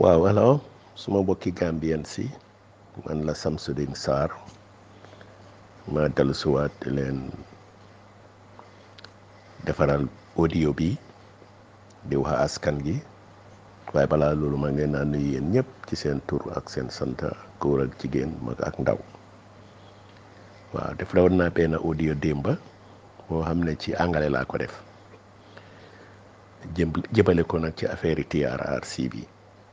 waaw alors suma mbokki Gambien si man la Samsudeen Sarr ma dellusiwaat leen defaral audio bi di wax askan gi waaye balaa loolu mag ngeen naa nuyu yéen ñëpp ci seen tur ak seen sant góor ak jigéen mag ak ndaw waaw def rawoon naa benn audio démba boo xam ne ci angale laa ko def jëm jëmale ko nag ci affaire TRRC bi.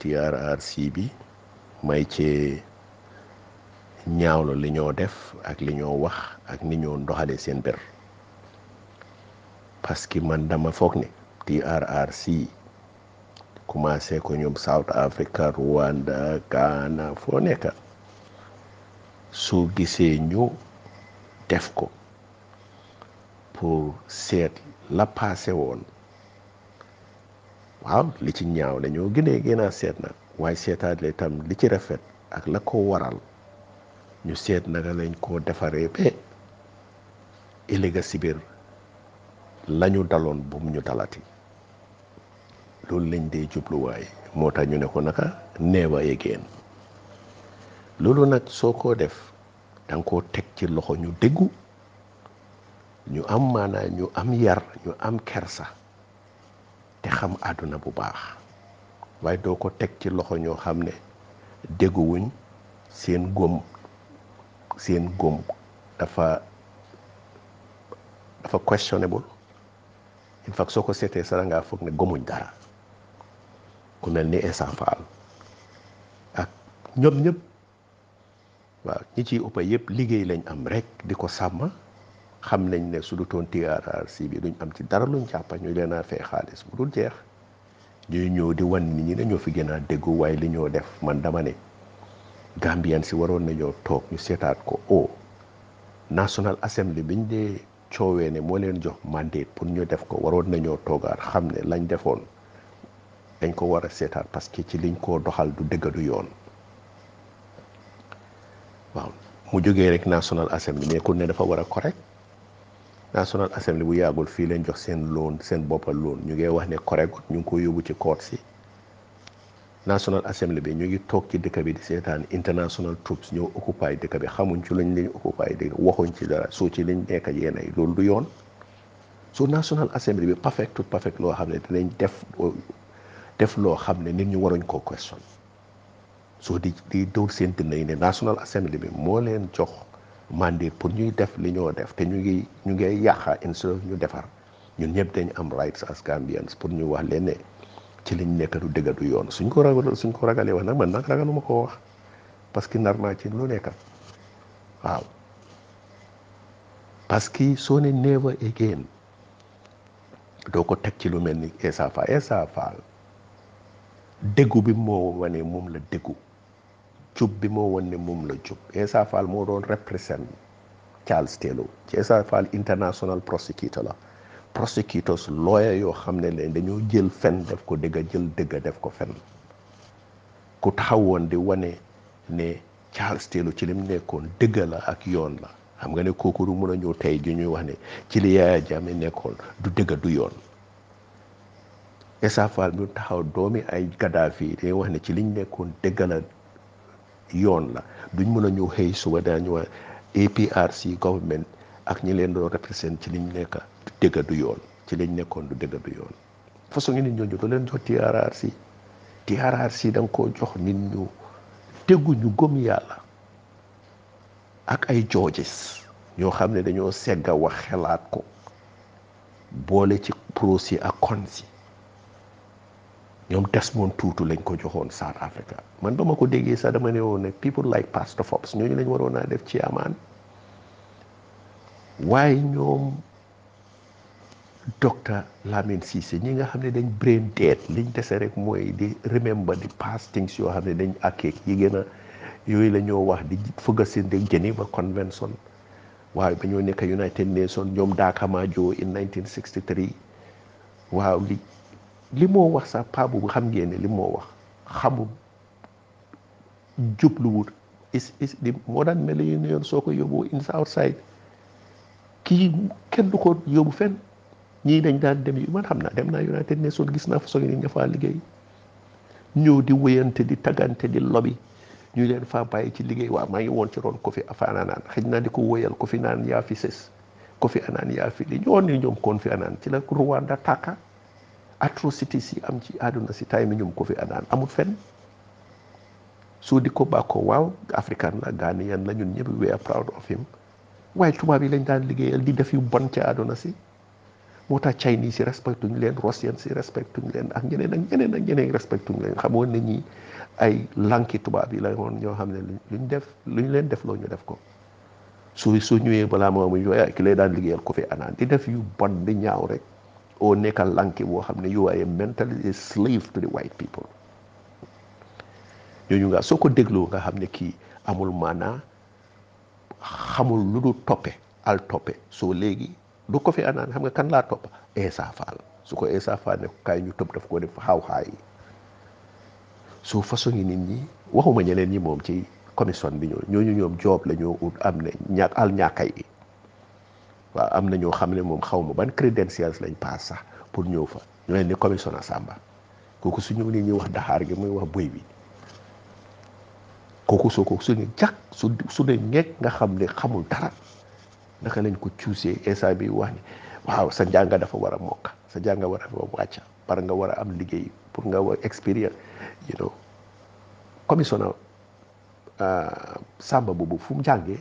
TRRC bi may cee ñaawlu li ñoo def ak li ñoo wax ak ni ñoo ndoxale seen bër parce que man dama foog ne TRRC commencé ko ñoom South Africa Rwanda Ghana foo nekk soo gisee ñu def ko pour seet la passé woon waaw li ci ñaaw dañoo gënee gën a seet nag waaye seetaale tam li ci rafet ak la ko waral ñu seet naka lañ koo defaree ba ëllëga si biir lañu daloon bu mu ñu dalati loolu lañ dee jubluwaay moo tax ñu ne ko naka neewa yegeen loolu nag soo koo def danga koo teg ci loxo ñu déggu ñu am maanaa ñu am yar ñu am kersa xam àdduna bu baax waaye doo ko teg ci loxo ñoo xam ne dégguwuñ seen góom seen góom dafa dafa questionable in fact soo ko seetee sara ngaa foog ne gomuñ dara ku mel ni Essa Faal ak ñoom ñëpp waaw ñi ci ëpp yëpp liggéey lañ am rekk di ko sàmm xam nañ ne su du toon TRRC bi duñ am ci dara luñ jàppa ñu leen a fay xaalis bu dul jeex ñuy ñëw di wan nit ñi ne ñoo fi gën a déggu waaye li ñoo def man dama ne Gambien si waroon na nañoo toog ñu seetaat ko o oh, National Assembly biñ dee coowee ne moo leen jox mandate pour ñu def ko waroon nañoo toogaat xam ne lañ defoon dañ ko war a seetaat parce que ci liñ ko doxal du dëgg du yoon waaw mu jógee rek National Assembly nekkul ne dafa war a correct National Assembly bu yàggul fii leen jox seen loon seen boppal loon ñu ngi wax ne correct ñu ngi koy yóbbu ci court si National Assembly bi ñu ngi toog ci dëkk bi di seetaan international troops ñëw occupy dëkk bi xamuñ ci luñ lañ occupy dëkk waxuñ ci dara soo ci lañ nekk yéen ay loolu du yoon so National Assembly bi perfect tout perfect loo xam ne dinañ def def loo xam ne nit ñu waruñ koo question soo di di dóor seen dënn yi ne National Assembly moo leen jox mandé pour ñuy def li ñoo def te ñu ngi ñu ngay yàqa instead of ñu defar ñun ñëpp dañ am rights as Gambians pour ñu wax leen ci liñ nekk du dëgg du yoon suñ ko ragal suñ ko ragalee wax nag man nag ragalu ma koo wax parce que nar naa ci lu nekk waaw parce que soo ne never again doo ko teg ci lu mel ni Essa Faal Essa Faal déggu bi moo wane moom la déggu jub bi moo woon ne moom la jub Essa Fall moo doon represent Charles Taylor ci Essa Fall international prosecutor la prosecutors lawyer yoo xam ne leen dañoo jël fen def ko dëgga jël dëgga def ko fen ku taxaw taxawoon di wane ne Charles Taylor ci lim nekkoon dëgga la ak yoon la xam nga ne kooku du mun a ñëw tey ju ñuy wax ne ci li Yaya nekkoon du dëgga du yoon Essa Fall mu taxaw doomi ay Gaddafi dañuy wax ne ci liñ nekkoon dëgga la yoon la duñ mën a ñëw xëy suba daañu waa APRC government ak ñi leen doon represent ci liñ nekk dëgg du yoon ci lañ nekkoon du dëgg du yoon façon ngi nit ñooñu doo leen jox TRRC danga ko jox nit ñu tegu ñu gëm yàlla ak ay joojes ñoo xam ne dañoo segga wax xelaat ko boole ci pro si ak kon si ñoom Desmond tuutu lañ ko joxoon South Africa man ba ma ko déggee sax dama ne woon ne people like Pastor Forbes ñooñu lañ waroon naa def ci amaan waaye ñoom docteur Lamine Cissé ñi nga xam ne dañ brain dead liñ dese rek mooy di remember di past things yoo xam ne dañ akkeek yi gën a yooyu la ñoo wax di fëgg seen de Geneva Convention waaye ba ñoo nekk United Nations ñoom Daka Maajo in 1963 waaw li. li moo wax sax paabu bu xam ngeen ne li moo wax xamul jubluwul is is di moo daan mel yu ne yoon soo ko yóbbu in outside kii kenn du ko yóbbu fenn ñii dañ dem yu xam naa dem naa United Nations gis naa fa soog ni ña ñëw di wéyante di taggante di lobi ñu leen faa ci liggéey waa maa ngi woon ci Kofi Annan xëj naa di ko wéyal Kofi naan yaa fi sës Kofi Annan yaa ci la Rwanda tàkka atrocities yi am ci àdduna si time ñum ko fi anaan amul fen soo di ko bàkkoo waaw african la ghanéen la ñun ñëpp we are proud of him waaye tubaab yi lañ daan liggéeyal di def yu bon ci àdduna si moo tax Chinese yi respectuñ leen Russian si respectuñ leen ak ñeneen ak ñeneen ak ñeneen respectuñ leen xamoo ne ñi ay lànki tubaab yi la woon ñoo xam ne luñ def luñ leen def loo ñu def ko su su ñëwee balaa moo muy yooya ki lay daan liggéeyal ko fi anaan di def yu bon bi ñaaw rek oo nekka lanki boo xam ne you are a mentally a slave to the white people ñooñu nga soo ko dégloo nga xam ne kii amul maana xamul lu du toppe al toppe soo léegi du ko fi anaan xam nga kan laa topp Essa Faal su ko Essa Faal ne kaay ñu tëb daf ko def xaaw xaayi soo façon yi nit ñi waxuma ñeneen ñi moom ci commission bi ñoo ñooñu ñoom job la ñoo ut am ne al ñàkkay waaw am na ñoo xam ne moom xaw ma ban crédentiels lañ paas sax pour ñëw fa ñu leen ni commissionnaire Samba kooku su ñëw nii ñuy wax daxaar gi muy wax bëy bi kooku soo ko suñu jàkk su su ne ñekk nga xam ne xamul dara naka lañ ko cuusee instant bi wax ni waaw sa njàng dafa war a mokk sa njàng war a wàcc par nga war a am liggéey pour nga war expérience you know commissionnaire ah, Samba boobu fu mu jàngee.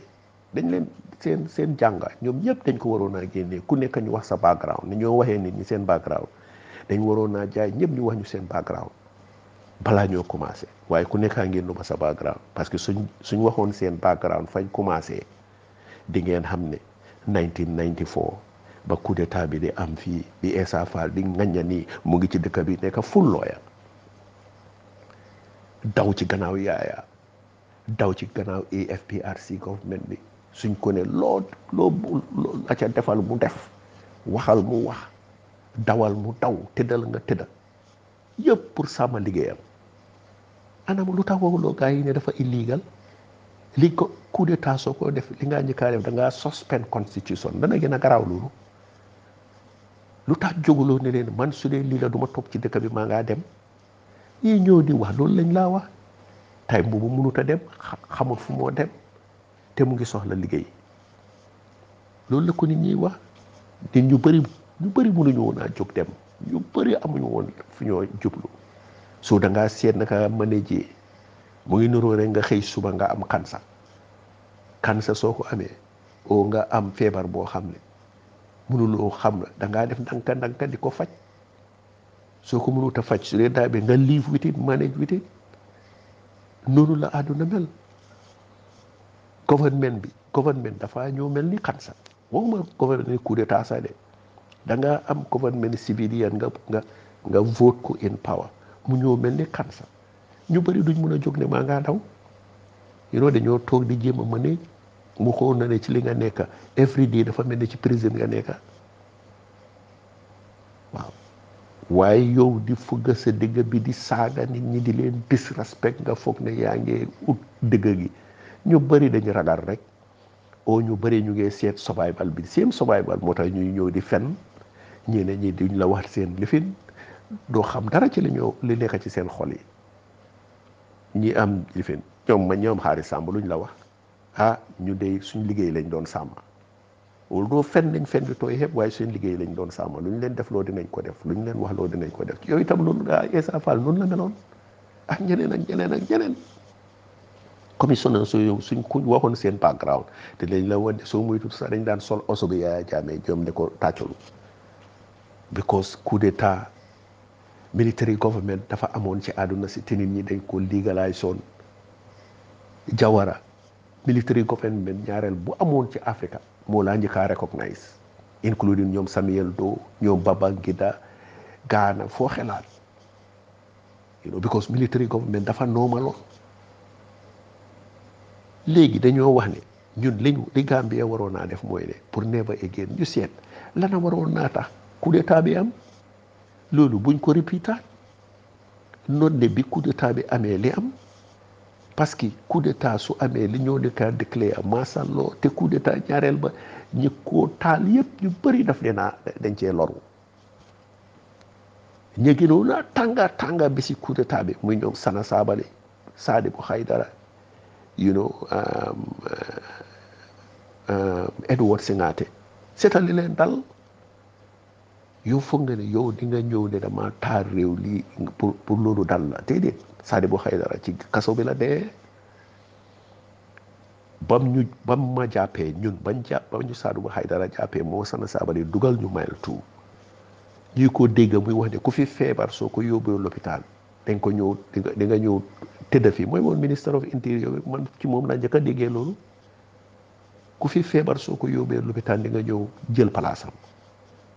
dañ leen seen seen jàngat ñoom ñëpp dañ ko waroon a génnee ku nekk ñu wax sa background ni ñoo waxee nit ñi seen background dañ waroon a jaay ñëpp ñu wax ñu seen background balaa ñoo commencé waaye ku nekkaa ngeen lu ma sa background parce que suñ suñ waxoon seen background fañ commencé di ngeen xam ne 1994 ba coup d'état bi di am fii bi Essa Faal di ŋañña nii mu ngi ci dëkk bi nekk ful looya daw ci ganaaw yaaya daw ci gannaaw AFPRC government bi suñ ko ne loo loo la ca defal mu def waxal mu wax dawal mu daw tëddal nga tëdda yépp pour sama liggéeyam anam lu tax waxuloo yi ne dafa illegal li ko coup d'état soo ko def li nga njëkkaa da ngaa suspend constitution dana gën a garaaw loolu lu tax ne leen man su dee lii la du ma ci dëkk bi maa ngaa dem yi ñëw di wax loolu lañ laa wax tay boobu mënut a dem xamul fu moo dem te mu ngi soxla liggéey loolu la ko nit ñiy wax nit ñu bëri ñu bëri mënuñu woon a jóg dem ñu bëri amuñu woon fu ñoo jublu soo dangaa ngaa seet naka manager mu ngi nuroo rek nga xëy suba nga am kansa kansa soo ko amee oo nga am feebar boo xam ne mënuloo xam la da def ndànka ndànka di ko faj soo ko mënut a faj su dee daa bi nga live with it manage with it noonu la àdduna mel. gouvernement bi gouvernement dafa ñëw mel ni xansa waxuma gouvernement coup d'état sax de da nga am gouvernement civilian nga nga nga vote ko in power mu ñëw mel ni xansa ñu bëri duñ mun a jóg ne maa ngaa daw you know dañoo toog di jéem a mëne mu xóor na ne ci li nga nekk every day dafa mel ne ci prison nga nekk waaw waaye yow di fugga sa dëgg bi di saaga nit ñi di leen disrespect nga foog ne yaa ngi ut dëgg gi ñu bëri dañu ragal rek o ñu bëri ñu ngi seet survival bi seen survival moo tax ñuy ñëw di fen ñeneen ñi duñ la wax seen lifin doo xam dara ci li li nekk ci seen xol yi ñi am lifin ñoom ma ñoom xaari sàmm luñ la wax ah ñu dey suñ liggéey lañ doon sàmm wala fen nañ fen di tooy yëpp waaye suñ liggéey lañ doon sàmm luñ leen def loo dinañ ko def luñ leen wax loo dinañ ko def yooyu itam loolu ah Essa Faal noonu la meloon ak ñeneen ak ñeneen ak ñeneen. commissionnaire soo suñ ko waxoon seen background te dañ la wane soo moytu sax dañ daan sol oso bi Yaya Jammeh ñoom ne ko tàccalu because coup d'état military government dafa amoon ci àdduna si te nit ñi dañ ko legalize woon Jawara military government ñaareel bu amoon ci Africa moo laa njëkk recognize including ñoom Samuel Doe ñoom Babangida Gaana foo xelaat you know because military government dafa normaloon léegi dañoo wax ni ñun liñ li Gambie waroon naa def mooy ne pour never again ñu seet lana waroon naa tax coup d'état bi am loolu buñ ko répétaat noon ne bi coup d'état amee li am parce que coup su amee li ñoo nekkaa déclaré maasalloo te coup d'état ñaareel ba ñi koo taal yëpp ñu bëri daf ne naa dañ cee loru ñu gënoon a tànga tànga bi si coup bi muy ñoom Sana Sabally Sadibou dara you know um, uh, um, Edward Singate seetal li dal yow foog nga ne yow di ñëw ne dama taar réew lii pour pour loolu dal la déedéet Sadibou Haydara ci kaso bi la dee bam ñu bam ma jàppee ñun bañ jàpp bam ñu Sadibou Haydara jàppee moo sana saabale dugal ñu mayal tuub ñuy ko dégg muy wax ne ku fi feebar soo ko yóbbee l'hôpital dañ ko ñëw di nga ñëw tëdd fi mooy moom minister of interior bi man ci moom laa njëkk a déggee loolu ku fi feebar soo ko yóbbee lopitaan di nga ñëw jël palaasam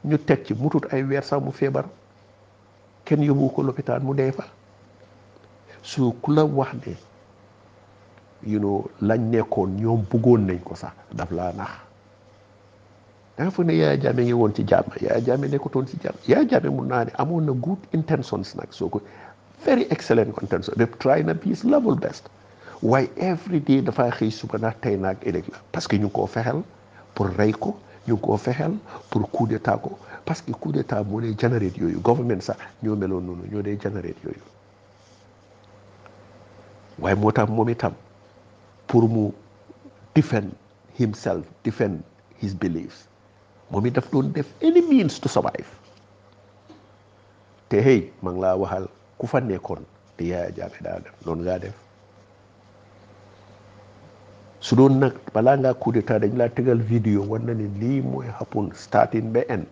ñu teg ci mutut ay weer sax mu feebar kenn yóbbu ko loppitaan mu dee fa su ku la wax ne you lañ nekkoon ñoom buggoon nañ ko sax daf laa nax da nga foog ne Yaya Jammeh ngi woon ci jàmm Yaya Jammeh nekkutoon ci jàmm Yaya Jammeh mun naa ne amoon na good intentions nag soo ko very excellent contender they've tried na his level best waaye every day dafaa xëy suba ndax tey naag ëllëg parce que ñu ngi koo fexeel pour rey ko ñu ngi koo fexeel pour coup d'état ko parce que coup d'état moo dee générate yooyu government sax ñoo meloon noonu ñoo dee générate yooyu waaye moo tax moom itam pour mu defend himself defend his beliefs moom it daf doon def any means to survive te hey maa ngi waxal ku fa nekkoon te Yaya Jammeh daa def noonu ngaa def su doon nag balaa nga coup d'état dañ laa tegal vidéo war na ne lii mooy happen starting ba end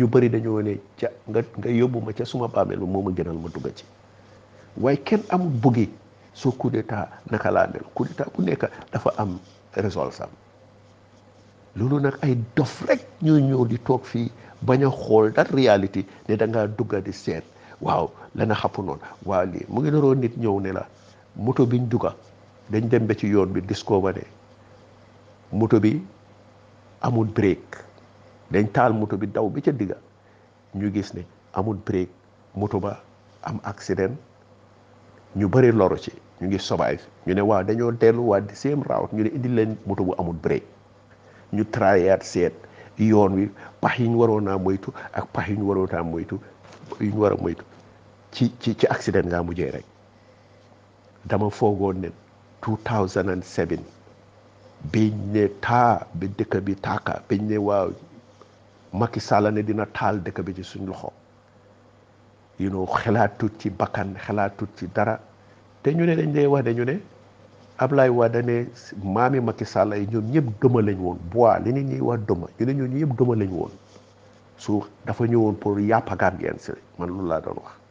ñu bari dañoo ne ca nga nga yóbbu ma ca suma bàmmeel ba moo ma gënal ma dugg ci waaye kenn amul bëggee soo coup d'état naka laa mel coup d'état bu nekk dafa am résolve sam loolu nag ay dof rek ñoo ñëw di toog fii bañ xool dat réalité ne da ngaa dugga di seet waaw lana xappu noonu waaw lii mu ngi naroo nit ñëw ne la moto biñ duga dañ dem ba ci yoon bi discovery moto bi amul break dañ taal moto bi daw bi ca digga ñu gis ne amul break moto ba am accident ñu bëri loru ci ñu ngi survive ñu ne waaw dañoo delluwaat di same route ñu ne indi leen moto bu amul break ñu trayaat seet yoon wi pax yi ñu waroon a moytu ak pax yi ñu waroon a moytu yi ñu war a moytu ci ci ci accident ngaa mujjee rek dama foogoon ne 2007 biñ ne taa bi dëkk bi taaka biñ ne waaw Macky Sall ne dina taal dëkk bi ci suñ loxo you know xelaatut ci bakkan xelaatut ci dara te ñu ne dañ lay wax dañu ne Ablaye Wade ne maami Macky Sall yi ñoom ñëpp dëma lañ woon bois li nit ñuy wax dëma ñu ne ñoom ñëpp dëma lañ woon su dafa ñëwoon pour yàpp Gambien si man loolu laa doon wax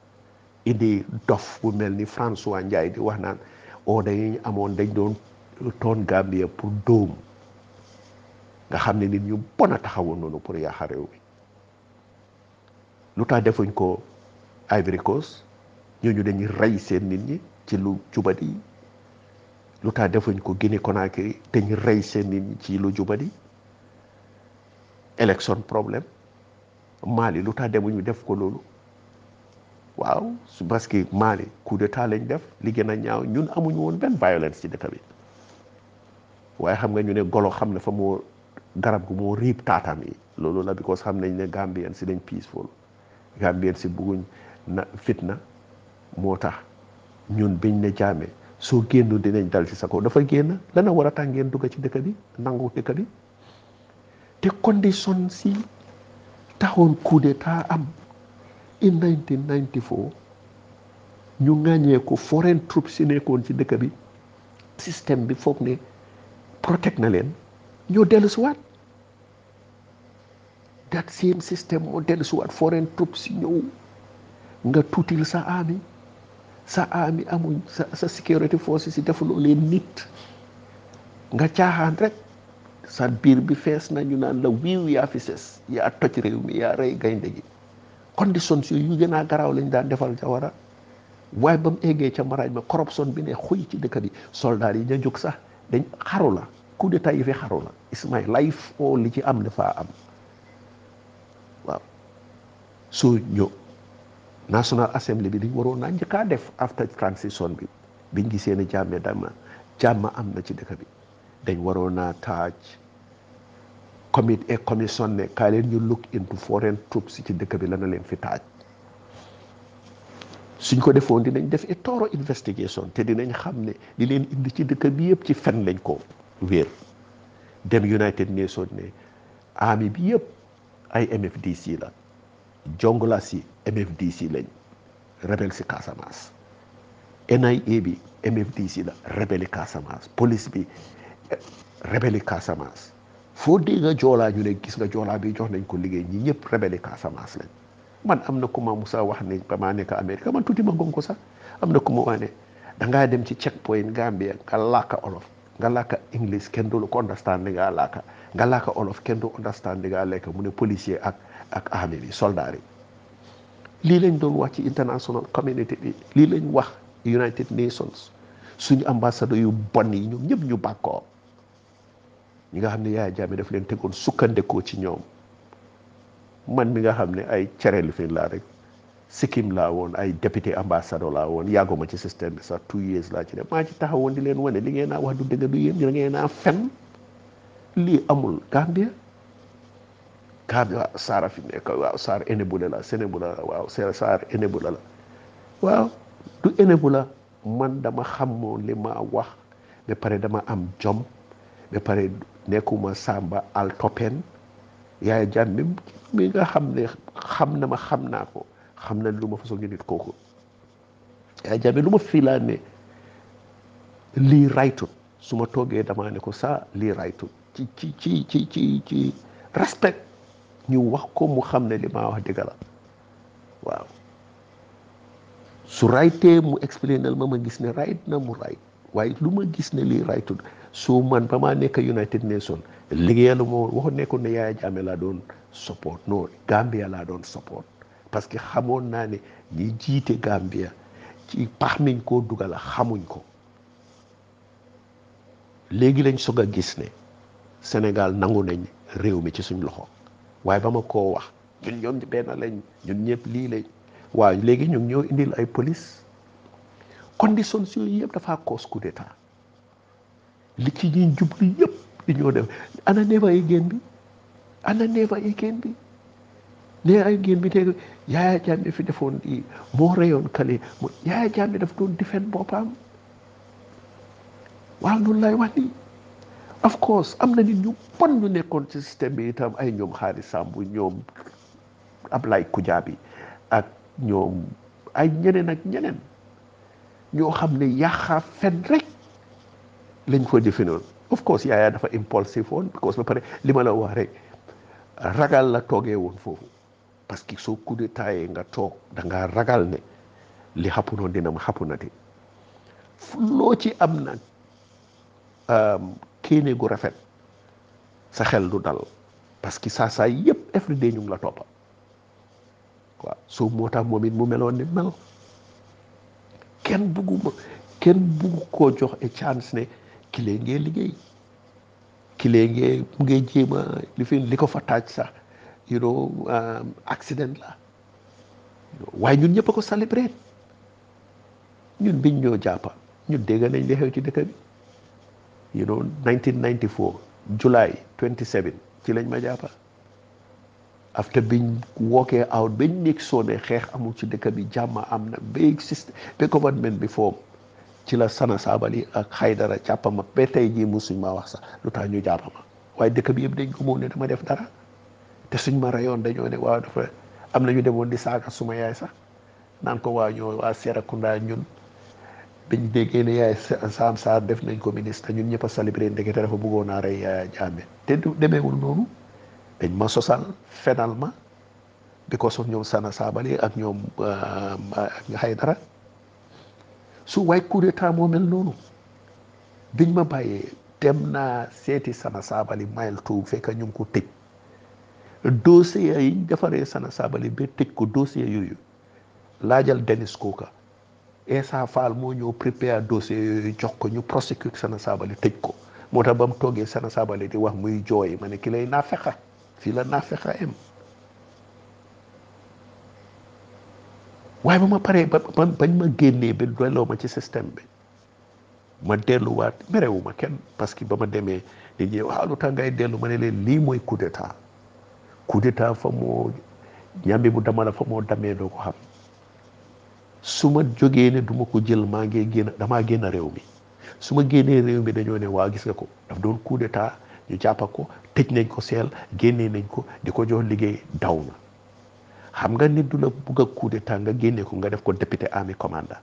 indi dof bu mel ni François Ndiaye di wax naan oo oh, dañuy amoon dañ doon toon Gambia pour doom nga xam ne nit ñu bon a taxawoon noonu pour yaaxa réew lu taa defuñ ko Ivory Coast ñooñu dañuy rey seen nit ñi ci lu jubadi lu tax defuñ ko Guinée te ñu rey seen nit ci lu jubadi élection problème Mali lu tax demuñu def ko loolu waaw su parce que Mali coup lañ def li gën a ñaaw ñun amuñ woon benn violence ci dëkk bi waaye xam nga ñu ne golo xam ne fa moo garab gu moo riib taatam yi loolu la because xam nañ ne Gambien si dañ peaceful Gambien si bugguñ na fitna moo tax ñun biñ ne jaame soo génnu dinañ dal ci sa kaw dafa génn lana war a tax ngeen dugg ci dëkk bi nangu dëkk bi te condition si taxoon coup d'état am in 1994 ñu ŋàññee ko foreign troops si nekkoon ci dëkk bi système bi foog ne protect na leen ñoo dellu si waat that same système moo dellu si waat foreign troops ñëw nga tuutil sa ami sa ami amuñ sa sa security forces si defuloo nit nga caaxaan rek sa biir bi fees na ñu naan la wiiw yaa fi ses yaa toj réew mi yaa rey gaynde gi conditions yu gën a garaaw lañ daan defal Jawara waaye ba mu eggee ca maraaj ma corruption bi ne xuy ci dëkk bi soldaar yi ña jóg sax dañ xaru la coup d'état yi fi xaru la Ismail life oo li ci am dafa am waaw soo ñëw National Assembly bi dañ waroon naa njëkkaa def after transition bi biñ gisee ne jàmme dama jàmm am na ci dëkk bi naa taaj commit et commission ne kaay leen ñu look into foreign troops ci dëkk bi la na leen fi taaj suñ ko defoon dinañ def a thorough investigation te dinañ xam ne li leen indi ci dëkk bi yëpp ci fen lañ ko wéer dem United Nations ne army bi yëpp ay MFDC la jongla si MFDC lañ rebel si Casamance NIA bi MFDC la rebeli Casamance police bi eh, rebeli Casamance foo dégg nga joolaa ñu ne gis nga joolaa bi jox nañ ko liggéey ñi ñëpp rebelle Casamance lañ man am na ku ma Musa wax ne ba maa man tuuti ma ko sax am na ku ma wax da ngaa dem ci checkpoint Gambia nga làkka olof nga làkka english kenn du ko understand nga làkka nga làkka olof kenn du understand nga lekk mu ne policier ak ak armée bi lii lañ doon wax ci international community bi lii lañ wax United Nations suñu ambassadeur yu bon yi ñëpp ñu bàkkoo ñi nga xam ne yaay jaame daf leen tegoon sukkandekoo ci ñoom man mi nga xam ne ay cere li fi laa rek sikkim laa woon ay député ambassadeur laa woon yàgguma ci système bi sax two years laa ci def maa ci taxawoon di leen wane li ngeen naa wax du dëgg du yéen da ngeen naa fen lii amul Gambia Gambia waaw Saara fi nekk waaw Saara enebula la senebula la waaw Saara enebula la waaw du enebula man dama xamoon li ma wax ba pare dama am jom ba pare nekkuma Samba al toppeen yaay jàmm mi nga xam ne xam na ma xam naa ko xam na lu ma façon nit kooku yaay lu ma fii laa lii raytut su ma toogee damaa ne ko saa lii raytut ci ci ci ci ci ci respect ñu wax ko mu xam ne li maa wax dëgg la waaw su raytee mu expliqué ma ma gis ne rayt na mu rayt waaye lu ma gis ne lii raytut su man ba maa nekk United Nations liggéeyalu ma woon waxu nekkul ne Yaya Jammeh laa doon support non Gambia laa doon support parce que xamoon naa ne ñi jiite Gambia ci pax miñ koo dugal xamuñ ko léegi lañ soog a gis ne senegal nangu nañ réew mi ci suñ loxo waaye ba ma koo wax ñun ñoom benn lañ ñun ñëpp lii lañ waaw léegi ñu ñoo indil ay police conditions yooyu yëpp dafaa cause coup d'état li ci ji jublu yëpp di ñoo def ana neefa yi génn bi ana neefa yi génn bi nee ay bi te yaaya jàmme fi defoon moo reyoon kale mo yaaya jàmme daf doon defend boppam waaw loolu lay wax nii of course am na nit ñu bon ñu nekkoon ci système bi itam ay ñoom xaari sàmbu ñoom Ablaye Kujaabi ak ñoom ay ñeneen ak ñeneen ñoo xam ne yàqaa fen rek lañ ko jëfe noonu of course yaayaa dafa impulsive woon because ba pare li ma la wax rek ragal la toogee woon foofu parce que soo coup d'état yee nga toog da ragal ne li xappunoon dina ma xappunati loo ci am nag um, kéene gu rafet sa xel du dal parce que saa saa yëpp every day ñu la toppa waaw soo moo tax moom it mu meloon ni mel kenn bugguma kenn jox a chance ne kilee ngee liggéey kilee ngee mu ngee jéema li fi li ko fa taaj sax you know um, accident la waaye ñun ñëpp a ko célébré ñun biñ ñoo jàppa ñun dégg nañ li xew ci dëkk bi you know 1994 July 27 ci lañ ma jàppa after biñ walkee out bañ nekk soone xeex amul ci dëkk bi jàmm am na big system ba government bi form ci la sana saabali ak xaydara càppama ba tey jii suñ ma wax sax lu tax ñu jàppama waaye dëkk bi yëpp dañ ko dama def dara te suñ ma rayoon dañoo ne waaw am na ñu demoon di saaka suma yaay sax naan ko waa ñoo waa Serekunda ñun dañ déggee ne yaay Sam saa def nañ ko ministre ñun ñëpp a célébré ndeke te dafa bëggoon a rey Yaya Jammeh te du demeewul noonu dañ ma sosal fenal ma because of ñoom sana saabali ak ñoom euh, ak dara su waay coup d'état moo mel noonu biñ ma bàyyee dem naa seeti Sana saabali mayel tuub fekk ñu ngi ko tëj dossier yi ñu Sana saabali ba tëj ko dossier yooyu laajal Denis Coker Essa Fall moo ñëw préparé dossier yooyu jox ko ñu prosecute Sana saabali tëj ko moo tax ba mu toogee Sana Sabally di wax muy jooyi ma ne ki lay naa fexa fii la naa fexa am waaye ba ma paree ba bañ ma génnee ba doyloo ma ci système bi ma delluwaat merewu ma kenn parce que ba ma demee nit ñi waaw lu dellu ma ne leen lii mooy coup d'état coup d'état fa moo ñambi bu damala fa moo damee doo ko xam su ma jógee ne duma ko jël maa ngi génn damaa génn réew mi su ma génnee réew mi dañoo ne waa gis nga ko daf doon coup d'état ñu jàppa ko tëj nañ ko seel génnee nañ ko di ko joo liggéey daw na xam nga nit du la bugg a coup d'état nga génne ko nga def ko député army commander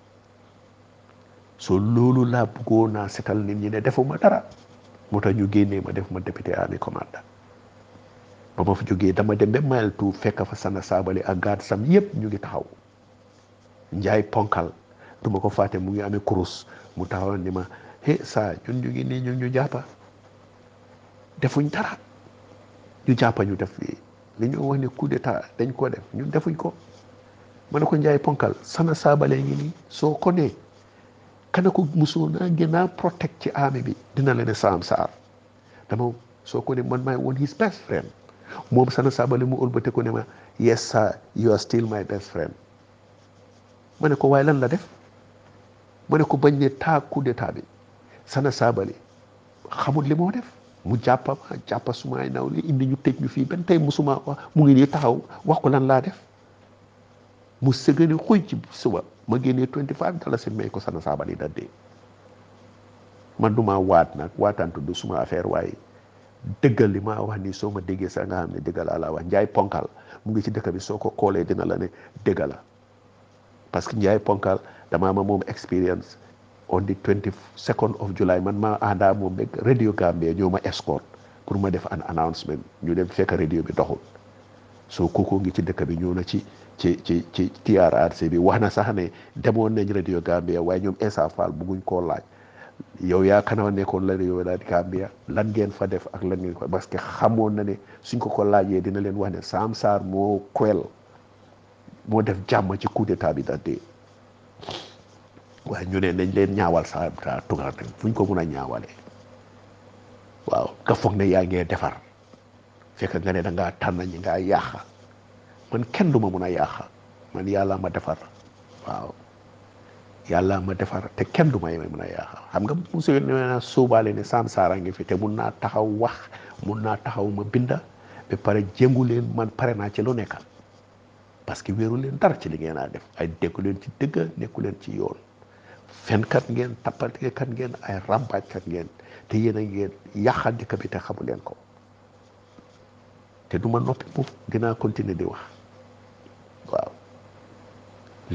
so loolu laa bëggoon naa setal nit ñi ne defuma dara moo tax ñu génnee ma def ma député army commander ba ma fa jógee dama dem ba mayal tu fekk fa sana saabale ak gaad sam yëpp ñu ngi taxaw njaay ponkal du ko fàtte mu ngi amee kurus mu taxaw ni ma he saa ñun ñu ngi nii ñun ñu jàppa defuñ dara ñu jàppa ñu def li ñoo wax ne coup d'état dañ ko def ñu defuñ ko ma ne ko njaay Ponkal sana saabalee ngi soo ko nee kana ko musoo naa gën a protect ci armée bi dina la ne Sam Sarr dama soo ko ne man maay woon his best friend moom sana saabale mu ëlbate ko ne ma yes sir you are still my best friend ma ne ko waaye lan la def ma ne ko bañ ne taa coup d'état bi sana saabale xamul limoo def mu jàppa ma jàppa sumaay naw li indi ñu tëj ñu fii benn tey musuma wax mu ngi nii taxaw wax ko lan laa def mu sëgani xuy ci suba ma génnee 25 dala si may ko sana saabali da dee man du waat nag waatantu du suma affaire waaye dëggal li maa wax nii soo ma déggee sax nga xam ne dëggal laa wax njaay ponkal mu ngi ci dëkk bi soo ko koolee dina la ne dëgg la parce que njaay ponkal dama ma moom expérience on the 22nd of July man maa àndaa moom rek radio Gambia ñoo escort pour ma def an announcement ñu dem fekk radio bi doxul soo kooku ngi ci dëkk bi ñëw na ci ci ci ci TRRC bi wax na sax ne demoon nañ radio Gambia waaye ñoom Essa Faal bugguñ koo laaj yow yaa kanama nekkoon la radio Gambia lan ngeen fa def ak lan ngeen fa parce que xamoon na ne suñ ko ko laajee dina leen wax ne Sam moo kwel moo def jàmm ci coup d'état bi daal waa ñu ne nañ leen ñaawal sa sa tugaante ko mun a waaw ka foog ne yaa defar fekk nga ne danga ngaa tànn ñi ngaa yaaxa man kenn du ma mun a yaaxa man yàlla ma defar waaw yàlla ma defar te kenn du ma yemee mun a yaaxa xam nga monsieur ne suubale sóobaale ne Sam Sarr a ngi fi te mun naa taxaw wax mun naa taxaw ma binda ba pare jéngu leen man pare naa ci lu nekka parce que wéeru leen dara ci li ngeen a def ay dëkku leen ci dëgg nekku leen ci yoon fenkat ngeen tappatekat ngeen ay ràmbaajkat ngeen te yéen a ngeen yàqandika bi te xamu leen ko te du ma noppi bu dinaa continuer di wax waaw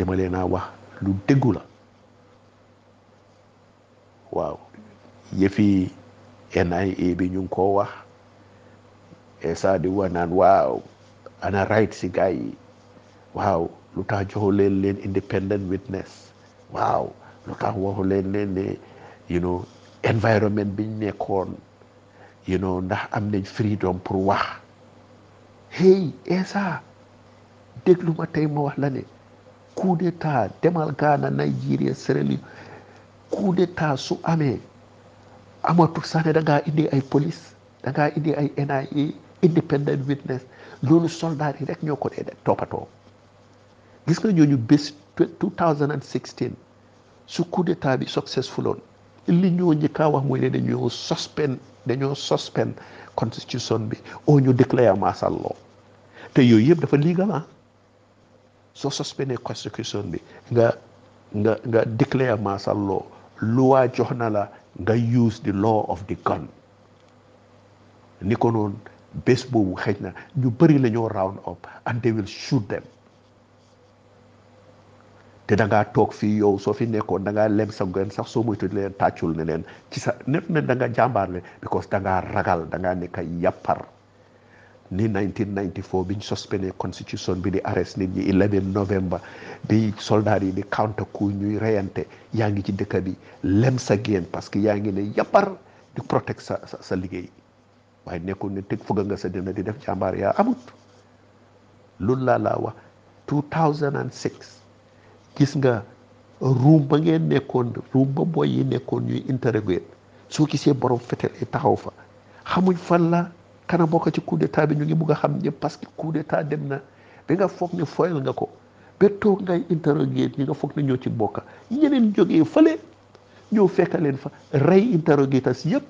ma leen a wax lu déggu la waaw yëfi NIA bi ñu ngi koo wax esa di wax naan waaw ana right si gars yi waaw lu tax joxu leen leen independent witness waw lu tax waxu leen leen ne you know environment biñ nekkoon you know ndax am nañ freedom pour wax hey Essa déglu ma tey ma wax la ne coup d'état demal Ghana Nigeria Sierra Leone coup d'état su amee amatu sax ne da ngaa indi ay police da indi ay NIA independent witness loolu soldat yi rek ñoo ko dee toppatoo gis nga ñooñu bés 2016 su coup d'état bi successful woon li ñoo ñi kaa wax mooy ne dañoo suspend dañoo suspend constitution bi oo ñu déclare martial law te yooyu yëpp dafa legal ah soo suspendé constitution bi nga nga nga déclare martial law loi jox na la nga use the law of the gun ni ko noonu bés boobu xëj na ñu bëri la ñoo round up and they will shoot them te da ngaa toog fii yow soo fi nekkoon danga ngaa lem sa ngeen sax soo moytuwul leen tàccul ne leen ci sa net ne da nga jàmbaar le because da ngaa ragal da ngaa nekk yàppar ni 1994 biñ suspendé constitution bi di arrest nit ñi 11 novembre bi soldat yi di counter ku ñuy reyante yaa ngi ci dëkk bi lem sa geen parce que yaa ngi ne yàppar di protect sa sa sa liggéey waaye nekkul ne teg fëgg nga sa dina di def jàmbaar yaa amut loolu laa laa wax 2006. gis nga ruum ba ngeen nekkoon ruum ba boy yi nekkoon ñuy interroger soo gisee borom fetel yi taxaw fa xamuñ fan la kana bokk ci coup bi ñu ngi bugg a xam ñëpp parce que coup dem na ba nga foog ne foyal nga ko ba toog ngay interroger ñi nga foog na ñoo ci bokk ñeneen jógee fële ñëw fekk leen fa rey interrogateurs yëpp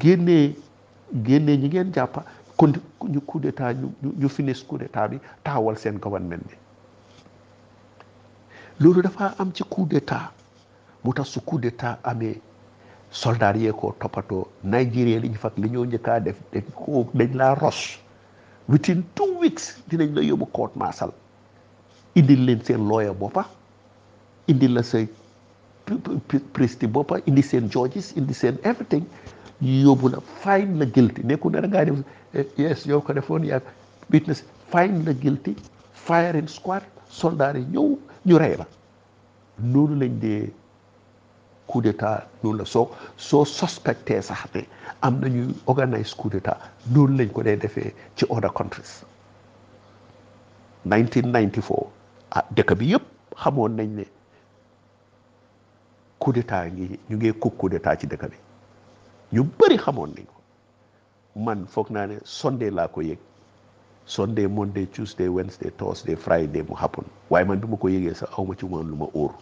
génnee génnee ñi ngeen jàppa kon ñu coup ñu ñu finis coup d'état bi taxawal seen gouvernement bi loolu dafa am ci coup d'état mu tax su coup d'état amee soldat yee koo toppatoo Nigeria li ñu fag li ñoo njëkkaa def dañ ko dañ laa ros within two weeks dinañ la yóbbu court martial indil leen seen lawyer boppa indil la sa pristi boppa indi seen judges seen everything ñu yóbbu la fine la guilty nekkul ne da ngaa def eh, yes yow ko defoon yaa fine la guilty firing squad soldaar yi ñëw ñu rey la noonu lañ dee coup d'état noonu la soo soo suspecté sax ne am nañuy organise coup d'état noonu lañ ko dee defee ci other countries 1994 ah dëkk bi yëpp xamoon nañ ne coup d'état ngi ñu ngi coup coup d'état ci dëkk bi ñu bëri xamoon nañ ko man foog naa ne sondee laa ko yëg Sunday Monday Tuesday Wednesday Thursday Friday mu happen waaye man bi ma ko yëgee sax aw ma ci lu ma óor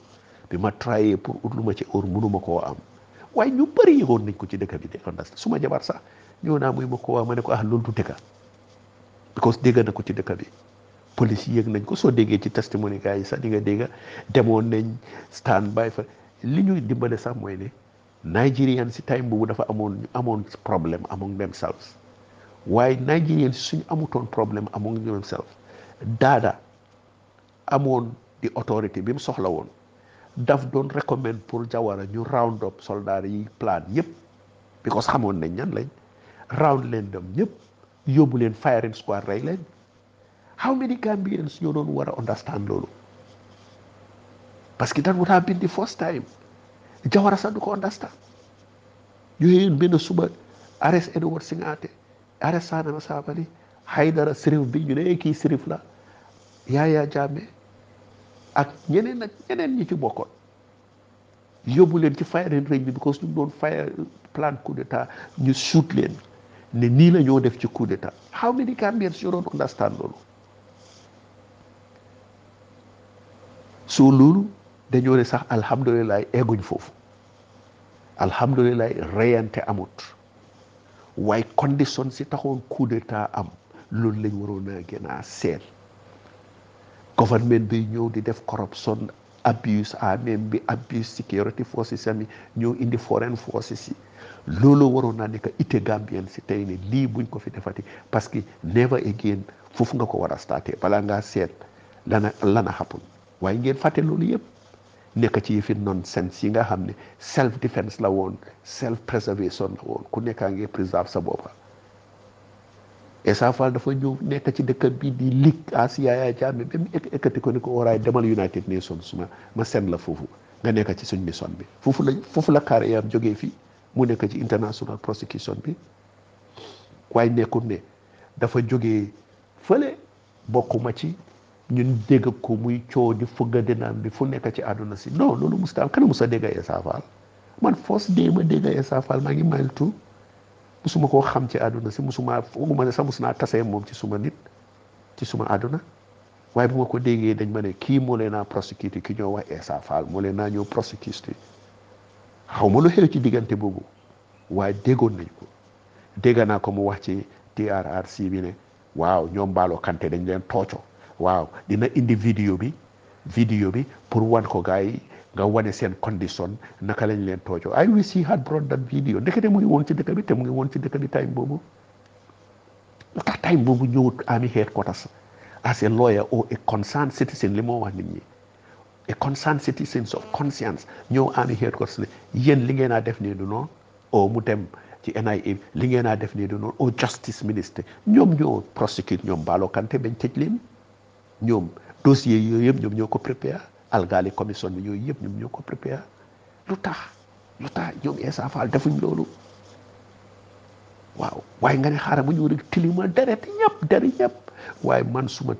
bi ma trayé pour ut lu ma ci óor mënu ma koo am waay ñu bëri yëgoon nañ ko ci dëkk bi de understand su ma jabar sax ñëw naa muy ma ko waa ma ne ko ah loolu du dëkka because dégg na ko ci dëkk bi police yëg nañ ko soo déggee ci testimony gars yi sax di nga dégga demoon nañ stand by fa li ñu dimbale sax mooy ne Nigerian si time boobu dafa amoon amoon problème among themselves waaye nigerians suñ amutoon problème amul ñoom self daada amoon di autorité bi mu soxla woon daf doon recommend pour jawara ñu round up soldat yi plan yep, because xamoon nañ ñan lañ round leen dem ñépp yóbbu leen firing squad rey leen how many gambians ñoo doon war a understand loolu parce que that would have been the first time jawara sax du ko understand ñu yéen benn suba arrest edward singate ara sanama sabali dara sërif bi ñu ne kii sërif la Yaya Jammeh ak ñeneen ak ñeneen ñi ci bokkoon yóbbu leen ci fire and range bi because ñu doon fire plan coup d'état ñu shoot ne nii la ñoo def ci coup d'état how many Gambians you don't understand loolu so loolu dañoo ne sax alhamdulilah egguñ foofu alhamdulilah reyante amut waaye condition si taxoon coup d'état am loolu lañ waroon a gën a seet bi ñëw di def corruption abuse armée bi abuse security forces yi ñëw indi foreign forces yi loolu waroon naa nekk ite Gambien si tey ne lii buñ ko fi defati parce que never again foofu nga ko war a staté balaa ngaa seet lana lana waaye ngeen fàtte loolu yëpp nekk ci yëfi nonsense yi nga xam ne self defense la woon self preservation la woon ku nekkaa ngi préserve sa boppa Essa Faal dafa ñëw nekk ci dëkk bi di lig as Yaya Jammeh ba mu ekkati ko ni ko waraay demal United Nations suma ma seen la foofu nga nekk ci suñ mission bi foofu la foofu la carré yaam jógee fii mu nekk ci international prosecution bi waaye nekkul ne dafa jógee fële bokkuma ci ñun dégg ko muy coow di fëgga dinaam bi fu nekk ci àdduna si non loolu musta am kana musa dégg Essa Faal man foos dee ma dégg Essa Faal maa ngi mayal tu xam ci àdduna si musuma ma ne sax mus naa tasee moom ci suma nit ci suma àdduna waaye bu ko déggee dañ ma ne moo leen naa ki ñoo wax moo leen naa ñëw prosécuté xaw ma lu ci diggante boobu waaye déggoon nañ ko naa ko mu wax ci TRRC bi ne waaw ñoom baloo Kanté dañ leen tooco waaw dina indi vidéo bi vidéo bi pour wan ko gars yi nga wane seen condition naka lañ leen toojoo ay wish he had brought that video ndekete mu ngi woon ci dëkk bi te mu ngi woon ci dëkk bi time boobu lu tax time boobu ñëwut ami headquarters as a lawyer or a concerned citizen li moo wax nit ñi a concerned citizens of conscience ñëw ami headquarters ne yéen li ngeen a def ni du noonu o mu dem ci NIA li ngeen a def nii du noonu o justice minister ñoom ñoo prosecute ñoom Baalo Kante bañ tëj leen ñoom dossier yooyu yëpp ñoom ñoo ko préparé algaali commission bi yooyu yëpp ñoom ñoo ko préparé lu tax lu tax ñoom Essa Faal defuñ loolu waaw waaye nga ne xaaral bu ñu rek tilima deret yëpp deret yëpp waaye man suma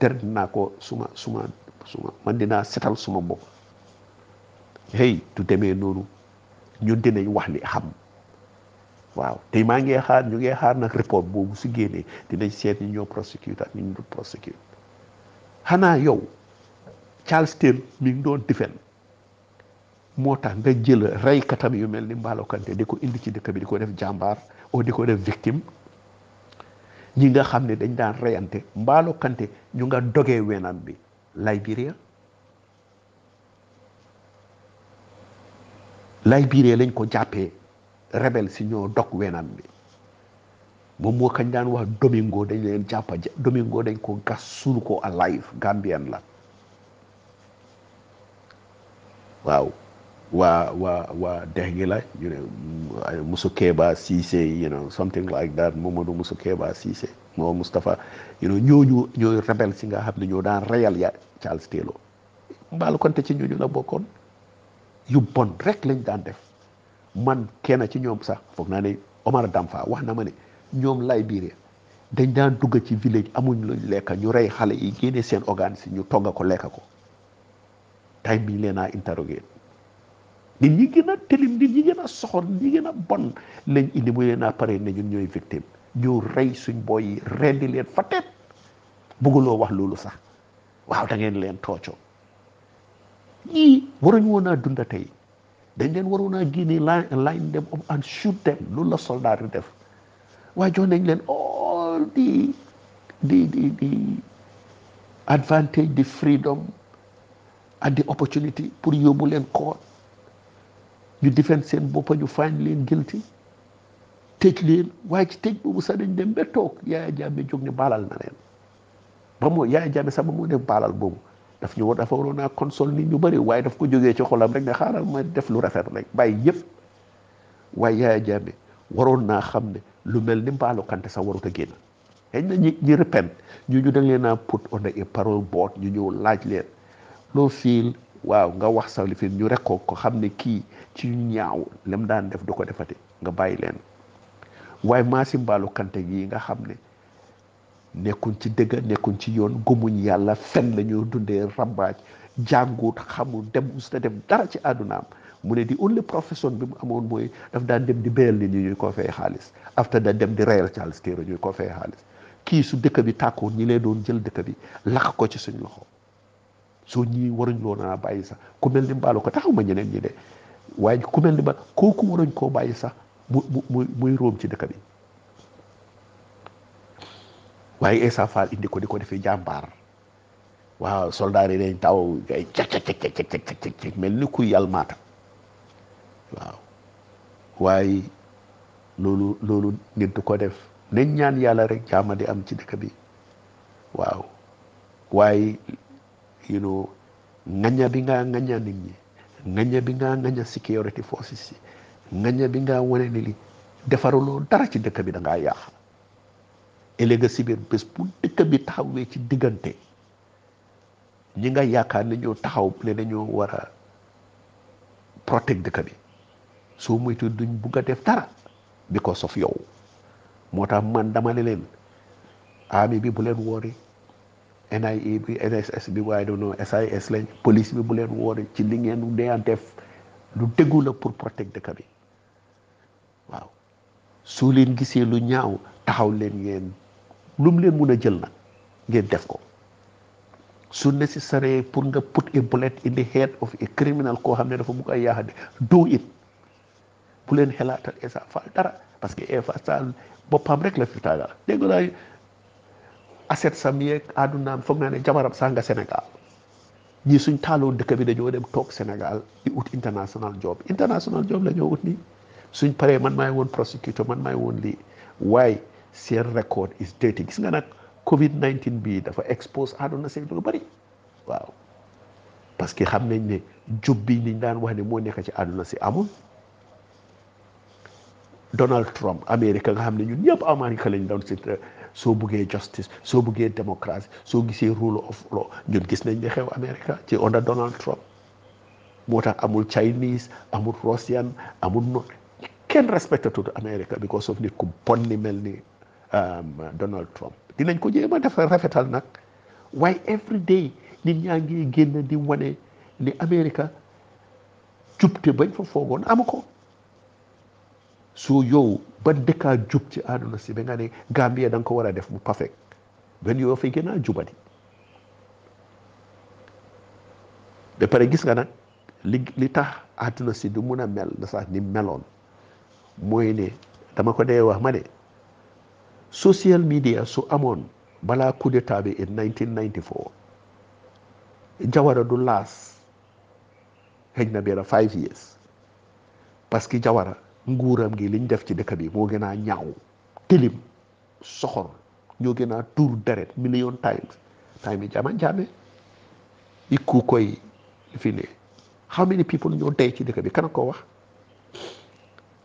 deret naa ko suma suma suma man dinaa setal suma mbokk hey du demee noonu ñun dinañ wax li xam waaw te maa ngi xaar ñu ngi xaar nag report boobu su génnee dinañ seet ñi ñoo prosecutor ñu dul prosecute xanaa yow Charles Taylor mi doon difen moo tax nga jël rey katam yu mel ni Mballo Kanté di ko indi ci dëkk bi di ko def jàmbaar oo di ko def victime ñi nga xam ne dañ daan reyante Mballo Kanté ñu nga dogee weenam bi Liberia Liberia lañ ko jàppee rebel si ñoo dog weenam bi moom moo kañ daan wax Domingo dañ leen jàppa Domingo dañ ko gas suul ko alive Gambien la waaw waa waa waa dex gi la ñu ne Musu Keba Cissé you know something like moo Moustapha you know ñooñu ñooy rebel si nga xam ne ñoo daan reyal ya Charles Taylor mbaalu konte ci ñooñu la bokkoon yu bon rek lañ daan def man kenn ci ñoom sax foog naa ne Omar Damfa wax na ma ne ñoom Liberia dañ daan dugg ci village amuñ luñ lekka ñu rey xale yi génne seen organe ñu togga ko lekka ko time bi leen a interrogué nit ñi gën a tilim nit ñi gën a soxor nit ñi gën a bon lañ indi mu leen pare ne ñun ñooy victime ñu rey suñ booy yi leen fa teet bëgguloo wax loolu sax waaw da ngeen leen toocoo ñii waruñ woon a dunda tey dañ leen waroon a génne line dem up and dem loolu la soldaari yi waa jox nañ leen all di di di advantage di freedom ak di opportunity pour yóbbu leen koot ñu defend seen boppa ñu find leen guilty tëj leen waa ci tëj boobu sax dañ dem ba toog Yaya Jammeh jóg ne baalal na leen ba mu Yaya Jammeh sax ba mu def baalal boobu daf ñu war dafa waroon a console nit ñu bari waaye daf ko jógee ci xolam rek ne xaaral ma def lu rafet rek bàyyi yëpp waaye Yaya Jammeh waroon naa xam ne lu mel ni mbaalu kante sax warut a génn xëy na ñi repent ñu ñu da leen a put on a parole board ñu ñëw laaj leen loo fiil waaw nga wax sax li fi ñu rek ko xam ne kii ci ñu ñaaw lem daan def du ko defati nga bàyyi leen waaye maa si mbaalu kante yi nga xam ne nekkuñ ci dëgg nekkuñ ci yoon gëmuñ yàlla fen lañu ñu dundee rambaaj jàngut xamul dem us ta dem dara ci àddunaam mu ne di only profession bi mu amoon mooy daf daan dem di béyal nit ñi ñuy koo fay xaalis after daan dem di reyal Charles Taylor ñuy koo fay xaalis kii su dëkk bi tàkkoon ñi lee doon jël dëkk bi lakk ko ci suñ loxo soo ñii waruñ loo naa bàyyi sax ku mel ni mbaalu ko taxaw ma ñeneen ñi de waaye ku mel ni ba kooku koo bàyyi sax mu mu muy róom ci dëkk bi waaye Essa indi ko di ko defee jàmbaar waaw soldaar yi taw ay cek mel ni kuy yàlmaata waaw waaye loolu loolu nit du def nañ ñaan yàlla rek jaama di am ci dëkk bi waaw waaye you know ngaña bi ngaa ngaña nit ñi ngaña bi ngaa ngaña security forces si ngaña bi nga wane ni li defaruloo dara ci dëkk bi danga ngaa yàq éléga si biir bés bu dëkk bi taxawee ci diggante ñi nga yaakaar ne ñoo taxaw ne dañoo war a protect dëkk bi soo tu duñ bu ga def dara because of yow moo man dama ne len ami bi bu len wori NIA e bi NSS bi way don't know SIS lañ police bi bu len wori ci li ngeen dee def lu déggu la pour protect de kabi waaw soo len gisee lu ñaaw taxaw len ngeen lum len mëna jël na ngeen def ko su necessary pour nga put a eh, bullet in the head of a criminal ko xamne dafa bu ko yaahade do it bu leen xelaatal Essa Faal dara parce que Essa Faal boppam rek la fi taaga dégg naa aset sam yeeg àddunaam foog naa ne jabaram sanga Sénégal ñii suñ taaloo dëkk bi dañoo dem toog senegal di ut international job international job la ñoo ut nii suñ paree man maay woon prosecutor man maay woon lii waaye seen record is dirty gis nga nag Covid 19 bii dafa expose àdduna seen lu bari waaw parce que xam nañ ne jub bi niñ daan wax ne moo nekk ci àdduna si amul. Donald Trump Amérique nga xam ne ñun ñëpp Amérique lañ doon si euh, soo buggee justice soo buggee démocratie soo gisee rule of law ñun gis nañ ne xew Amérique ci under Donald Trump moo tax amul Chinese amul Russian amul no kenn respecté tuuti Amérique because of nit ku bon ni mel ni um, Donald Trump dinañ ko jéem a def rafetal nag waaye every day nit ñaa ngi génn di wane ni Amérique jubte bañ fa foogoon amu ko. so yow ban dëkkaa jub ci àdduna anu si ba nga ne gambia da nga ko war a def mu perfect ben yow fay gën a ah, jubadi ba pare gis nga nag li li tax aduna si du mun mel na sax ni meloon mooy ne dama ko dee wax ma social media su amoon bala coup d'état bi in 1994 jawara du laas xëj na benn five years parce que jawara nguuram gi liñ def ci dëkk bi moo gën a ñaaw tilim soxor ñoo gën a tuur deret million times time yi jaman jaame ikku koy fi ne how many people ñoo dee ci dëkk bi kana ko wax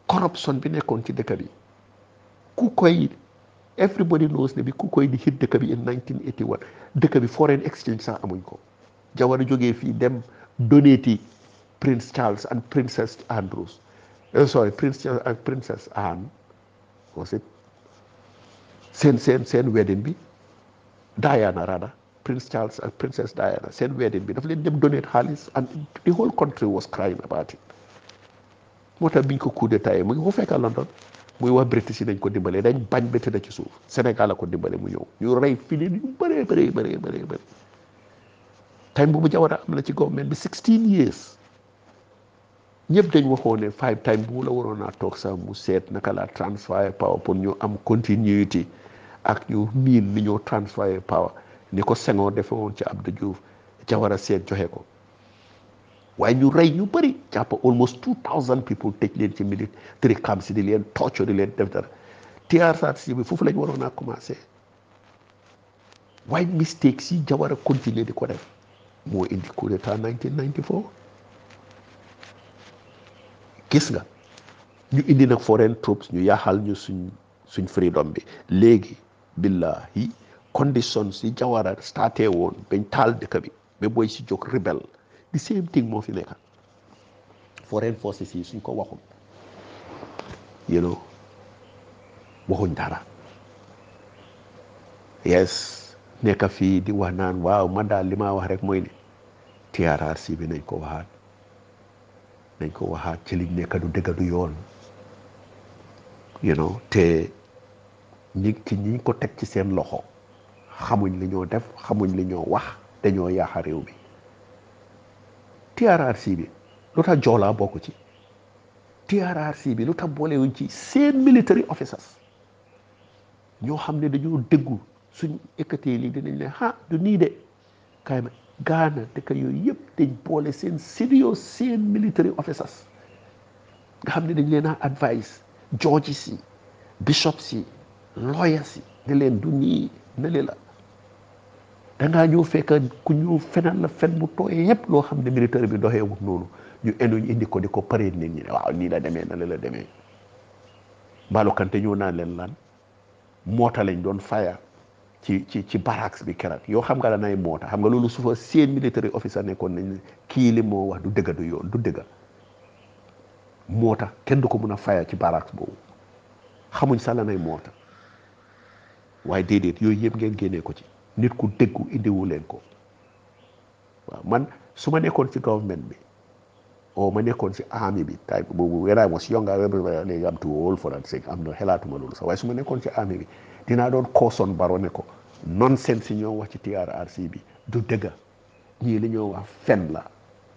corruption bi nekkoon ci dëkk bi ku koy everybody knows ne bi ku di hit dëkk bi in 1981 dëkk bi foreign exchange sax amuñ ko jawar jógee fi dem donati Prince Charles and Princess Andrews Eh, sorry prince ak eh, princess Anne was it seen seen seen wedding bi Diana rada Prince Charles ak eh, Princess Diana seen wedding bi daf leen dem donate xaalis and the whole country was crying about it moo tax biñ ko coup d'état mu ngi ko fekka London muy wax British yi dañ ko dimbalee dañ bañ ba tëdd ci suuf Sénégal la ko dimbale mu ñëw ñu rey filin yu bëree bëree bëree bëree time bu mu jawara am na ci government bi 16 years ñëpp dañ waxoon ne five time bu la waroon na toog sax mu seet naka la transfer power pour ñu am continuity ak ñu miin ni ñoo transfer power ni ko Senghor defe woon ci Abdou juuf Jawara seet joxe ko waaye ñu rey ñu bëri jàpp almost two thousand people tëj leen ci military camps si di leen torture di leen def dara TRRC bi foofu la ñu na a commencé waaye mistakes si Jawara continuer di ko def moo indi coup d'état 1994 gis nga ñu indi nag foreign troops ñu yaxal ñu suñ suñ freedom bi léegi billahi conditions yi jawara starté woon bañ taal dëkk bi ba booy si jóg rebel di same thing moo fi nekk foreign forces yi suñ ko waxul you know waxuñ dara yes nekk fii di wax naan waaw ma daal li ma wax rek mooy ne TRRC bi nañ ko waxaat nañ ko waxaat ci liñ nekk du dëgg du yoon you know te ñi ki ñiñ ko teg ci seen loxo xamuñ li ñoo def xamuñ li ñoo wax dañoo yaaxa réew mi TRRC bi lu tax joolaa bokk ci TRRC bi lu tax boolewuñ ci seen military officers ñoo xam ne dañoo déggu suñ ekkatee lii dinañ leen ah du nii de kay ma Ghana dëkk yooyu yëpp dañ boole seen sérieux seen military officers nga xam ne dañ leen a advice judges yi bishops yi lawyers yi ne leen du nii ne leen la da ngaa ñëw fekk ku ñu fenal la fen bu tooyee yëpp loo xam ne militaire bi doxee wut noonu ñu enduñ indi ko di ko paree nit ñi ne waaw nii la demee na la la demee mbalokante ñëw naa leen lan moota lañ doon faya ci ci ci barracks bi keroog yow xam nga la nay moo tax xam nga loolu su fa seen military a nekkoon nañ kii li moo wax du dëgg du yoon du dëgg moo kenn du ko mun a faya ci barracks boobu xamuñ sax la nay moo tax waaye déedéet yooyu yëpp ngeen génnee ko ci nit ku dëggu indiwu leen ko waaw man su ma nekkoon ci government bi o oh, ma nekkoon si army bi type boobu when I was younger léegi am too old for that thing am na xelaatuma loolu sax waaye su ma nekkoon si army bi dinaa doon koosoon baro ne ko nonsense si ñoo wax ci TRRC bi du dëgga ñii li ñoo wax fen la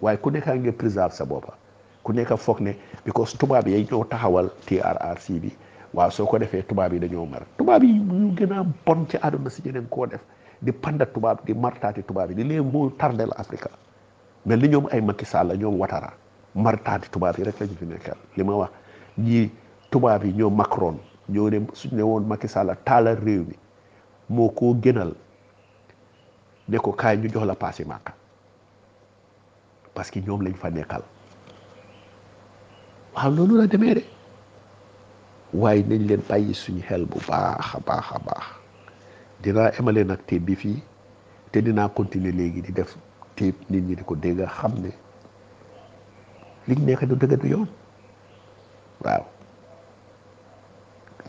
waaye ku nekkaa ngi préserve sa boppa ku nekka foog ne because tubaab yi ñoo taxawal TRRC bi waaw soo ko defee tubaab yi dañoo mar tubaab yi ñu gën a bon ci àdduna si ñeneen koo def di panda tubaab di martaati tubaab yi di leen moo tardel Afrique mel ni ñoom ay Macky Sall la ñoom martaati tubaab yi rek lañu fi nekkal li ma wax ñii tubaab yi ñoo Macron ñoo ne suñ ne woon Macky Sall taalal réew mi moo koo gënal ne ko kaay ñu jox la paasi màkka parce que ñoom lañ fa nekkal waaw loolu la demee de waaye nañ leen bàyyi suñu xel bu baax a baax a baax dinaa emale nag téeb bi fii te dinaa continuer léegi di def téeb nit ñi di ko dégg xam ne liñ nekk du dëgg du yoon waaw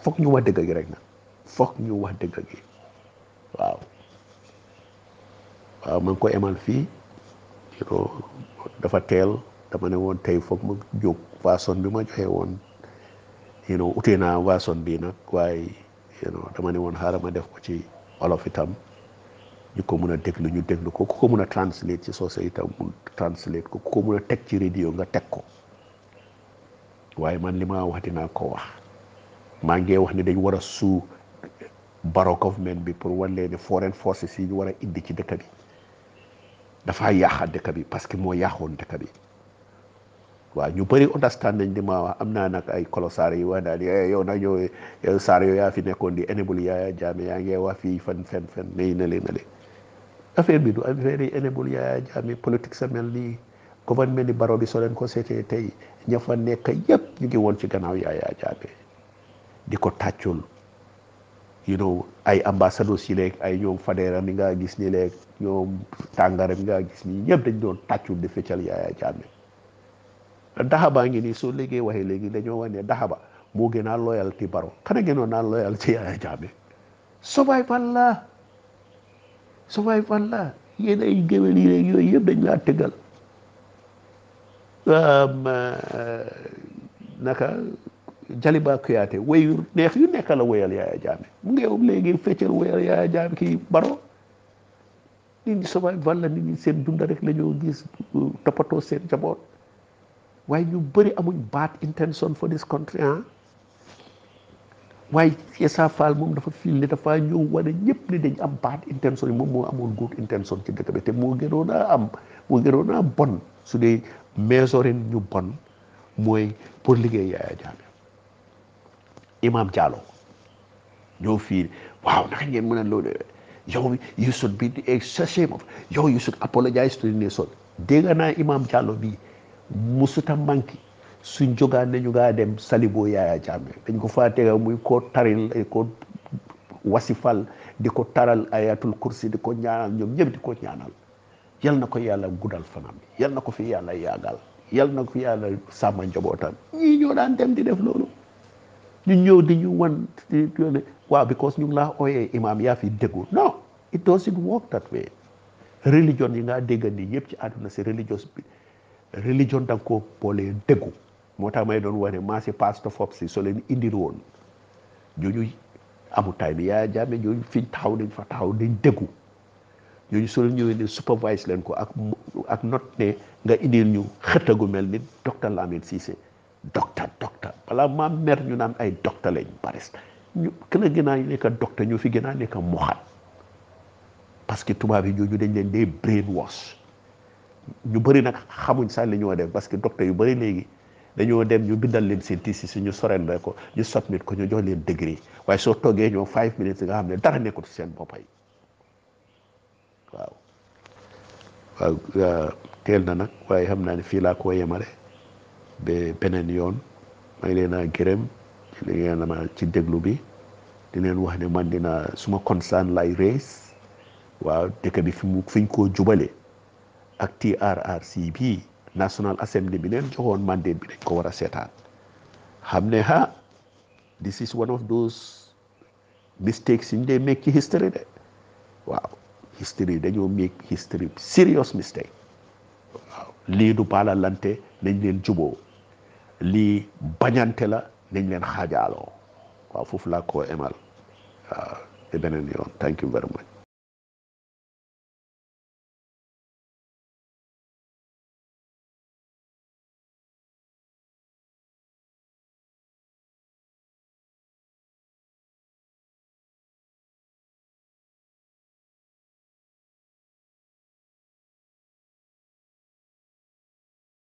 foog ñu wax dëgg gi rek na foog ñu wax dëgg gi waaw waaw ko emal fii dafa teel dama ne woon tey foog ma jóg waason bi ma joxe woon you know utee naa waason bii nag waaye you know dama ne woon xaaral ma def ko ci olof itam ñu ko mën a lu ñu déglu ko ku ko mën a translate ci société mu translate ko ku ko mën a teg ci radio nga teg ko waaye man li ma wax dinaa ko wax maa ngi wax ni dañ war a suu baro government bi pour wan leen ne foreign forces yi ñu war indi ci dëkk bi dafa yàqa dëkk bi parce que moo yàqoon dëkk bi waaw ñu bëri understand nañ di ma am naa nag ay kolosaar yi wax naa ni eh, yow nag yow yow saar yow yaa fi nekkoon di enable yaaya jaame yaa ngi wax fii fen fen leen affaire bi du affaire yi enebul Yaya Jammeh politique sa mel nii gouvernement ni baro bi soo leen ko sete tey ña fa nekk yépp ñu ngi woon ci gannaaw Yaya Jammeh di ko tàccul you know ay ambassadeurs yi leeg ay ñoom Fadera mi nga gis ni leeg ñoom Tàngara mi nga gis ni ñëpp dañ doon tàccul di feccal Yaya Jammeh daxabaa ngi nii soo léegi waxee léegi dañoo wax ne daxaba moo gën a loyal ci baro xana gënoon naa loyal ci Yaya Jammeh survival la sa waay fan la yéen ay géwél yi léegi yooyu yëpp dañ laa tëggal euh, naka Jaliba Kuyaate way yu neex yu nekk la woyal Yaaya Jammeh mu ngi yow léegi feccal woyal Yaaya Jammeh kii baro nit ñi sa nit ñi seen dunda rek la gis toppatoo seen jaboot waaye ñu bëri amuñ baat intention for this country ah waaye Essa Fall moom dafa fiil ne dafa ñëw wane ñëpp ni dañ am bad intention moom moo amoon good intention ci dëkk bi te moo gënoon a am moo gënoon a bon su dee meesorin ñu bon mooy pour liggéey Yaya Jammeh Imam Diallo ñoo fii waaw naka ngeen mën a loolu yow you should be ashamed of yow you should apologize to the nation dégg naa Imam Diallo bi musuta manqué suñ jogaan nañu ngaa dem Salibo Yaaya Jammeh dañ ko faa tegal muy ko taril eh, ko wasifal di ko taral ayatul kursi di ko ñaanal ñoom ñëpp di ko ñaanal yal na ko yàlla guddal fanam yal na ko fi yàlla yaagal yal na ko fi yàlla sàmm njabootam ñii ñoo daan dem di def loolu ñu ñu wan because ñu ngi laa ooyee imaam yaa fi déggu non it work that way religion yi ngaa dégga nii ci àdduna si religious bi ko boolee déggu moo tax may doon wax ne maasi pastor fopp si soo leen indil woon ñooñu amu tay bi yaa jaame ñooñu fiñ taxaw dañ fa taxaw dañ déggu ñooñu soo leen ñëwee ne supervise leen ko ak ak not ne nga indil ñu xëtt gu mel ni docteur Lamine Cissé docteur docteur balaa maa mer ñu naan ay docteur lañ baris ñu a gën a nekk docteur ñu fi gën a nekk moxat parce que tubaab yi ñooñu dañ leen dee brainwash ñu bëri nag xamuñ sax li ñoo def parce que docteur yu bëri léegi dañoo dem ñu bindal leen seen tiis si ñu sorendee ko ñu submit ko ñu jox leen degré waaye soo toggee ñoom five minutes nga xam ne dara nekkul si seen boppay waaw waaw euh, teel na nag waaye xam naa ne fii laa ko yemale ba beneen yoon maa ngi leen gërëm li ngeen ma ci déglu bi di leen wax ne man dina suma concern lay raise waaw dëkk bi fi mu koo jubale ak TRRC bii National Assembly bi neen joxoon mandate bi dañ ko war a seetaat xam ne ha this is one of those mistakes yi ñu dee make history de waaw history dañoo make history serious mistake waaw lii du baalalante nañ leen juboo lii bañante la nañ leen xaajaaloo waaw foofu laa ko emal waaw te beneen yoon